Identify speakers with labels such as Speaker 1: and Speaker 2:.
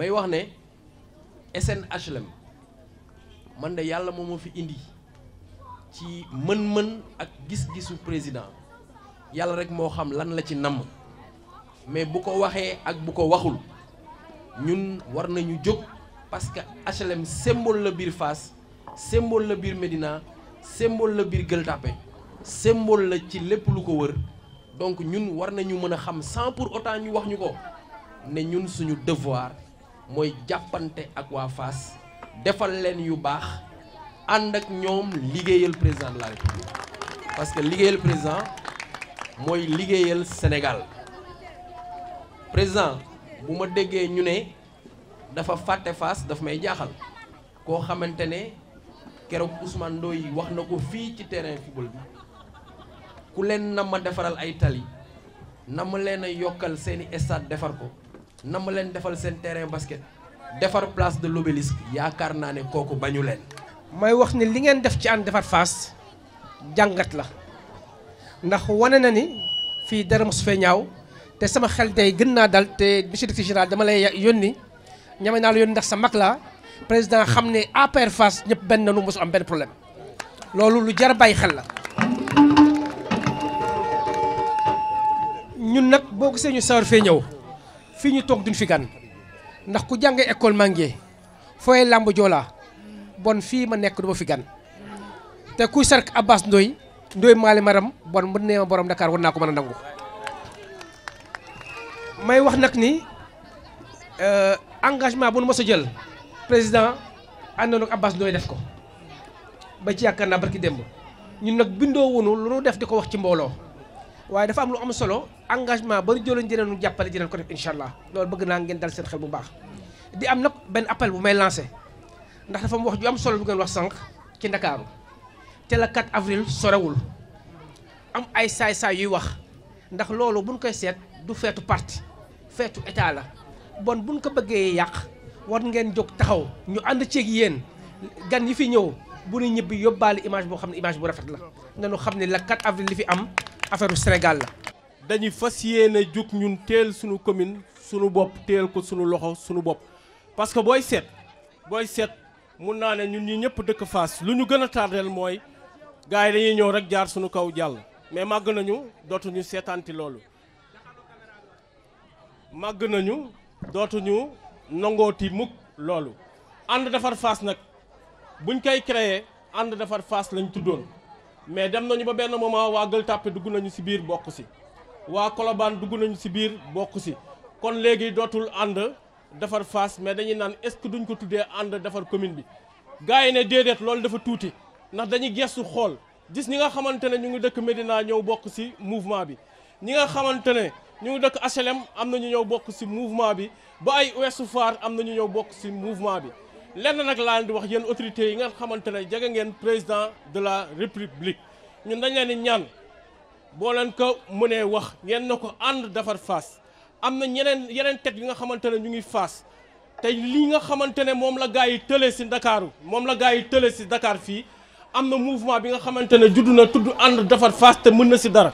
Speaker 1: may wax ne SN HLM man de yàlla moo ma fi indi ci mën-mën ak gis-gisu président yàlla rek moo xam lan la ci namm mais bu ko waxee ak bu ko waxul ñun war nañu jóg parce que HLM symbole la biir Fass symbole la biir Médina symbole la biir Gueule Tapée symbole la ci lépp lu ko wër donc ñun war nañu mën a xam sans pour autant ñu wax ñu ko ne ñun suñu devoir mooy jàppante ak waa Fass defal leen yu baax ànd ak ñoom liggéeyal président de la république que liggéeyal président mooy liggéeyal Sénégal président bu ma déggee ñu ne dafa fàtte Fass daf may jaaxal koo xamante ne keroog Ousmane Ndoye wax na ko fii ci terrain football bi ku leen na ma defaral ay tali na ma leen a yokkal seeni stade defar ko na ma leen defal seen terrain basket defar place de l'obélisque yaakaar naa ne kooku
Speaker 2: bañu leen. may wax ni li ngeen def ci Hann Defar Face jàngat la ndax wane na ni fii dara mosu fee ñaaw te sama xel tey gën naa dal te monsieur directeur général dama lay yónni ñame naa la yónni ndax sa mag laa président xam ne APR fas ñëpp benn nu mosu am benn problème loolu lu jar bàyyi xel la. ñun nag boo gisee ñu sawar fee ñëw. fii ñu toog duñ fi gan ndax ku jàng école Manguier fooy làmb Joola bon fii ma nekk du ma fi gan te kuy sark Abbas Ndoy Ndoy Maali Maram bon mën nee ma borom Dakar war naa ko mën a nangu may wax nag ni euh, engagement bu nu mos a jël président àndoon ak Abbas Ndoy def ko ba ci yaakaar naa barki démb ñun nag bindoo wunu lu nu def di ko wax ci mbooloo waaye dafa am lu am solo engagement ba jëloon jëneenu jàppale jëneen ko def incha allah loolu bëgg naa ngeen dal seen xel bu baax di am nag benn appel bu may lancé ndax dafa mu wax ju am solo bu ngeen wax sànq ci ndakaaru te la 4 avril sorewul am ay saay-saay yuy wax ndax loolu buñ koy seet du feetu parti feetu état la bon buñ ko bëggee yàq war ngeen jóg taxaw ñu ànd ceeg yéen gan yi fi ñëw bu ñu ñibbi yóbbaale image boo xam ne image bu rafet la nañu xam ne la 4 avril li
Speaker 3: fi am affaire Sénégal la. dañuy fas yéene jug ñun téel suñu commune suñu bopp teel ko suñu loxo suñu bopp parce que booy seet booy seet mun naa ne ñun ñi ñëpp dëkk Fass lu ñu gën a tardeel mooy gars yi dañuy ñëw rek jaar suñu kaw jàll mais màgg nañu dootuñu seetaanti loolu màgg nañu dootuñu nangooti mukk loolu ànd defar Fass nag. buñ koy créer ànd defar Fass lañ tuddoon mais dem nañu ba benn moment waa Gueule Tapée dugg nañu ci biir bokk si waa Colobane dugg nañu ci biir bokk si kon léegi dootul ànd defar Fass mais dañuy naan est-ce que duñ ko tuddee ànd defar commune bi gars yi ne déedéet loolu dafa tuuti ndax dañuy gestu xool gis ñi nga xamante ne ñu ngi dëkk Médina ñëw bokk si mouvement bi ñi nga xamante ne ñu ngi dëkk HLM am nañu ñëw bokk si mouvement bi ba ay Ouest Foire am nañu ñëw bokk ci mouvement bi lenn nag laa leen di wax yéen autorités yi nga xamante ne jege ngeen président de la république ñun dañ leen ni ñaan boo leen ko mënee wax ngeen na ko ànd defar Fass am na ñeneen yeneen teg yi nga xamante ne ñu ngi Fass te li nga xamante ne moom la gars yi tële si ndakaaru moom la gars yi tële si ndakaar fii am na mouvement bi nga xamante ne judd na tudd ànd defar Fass te mën na si dara.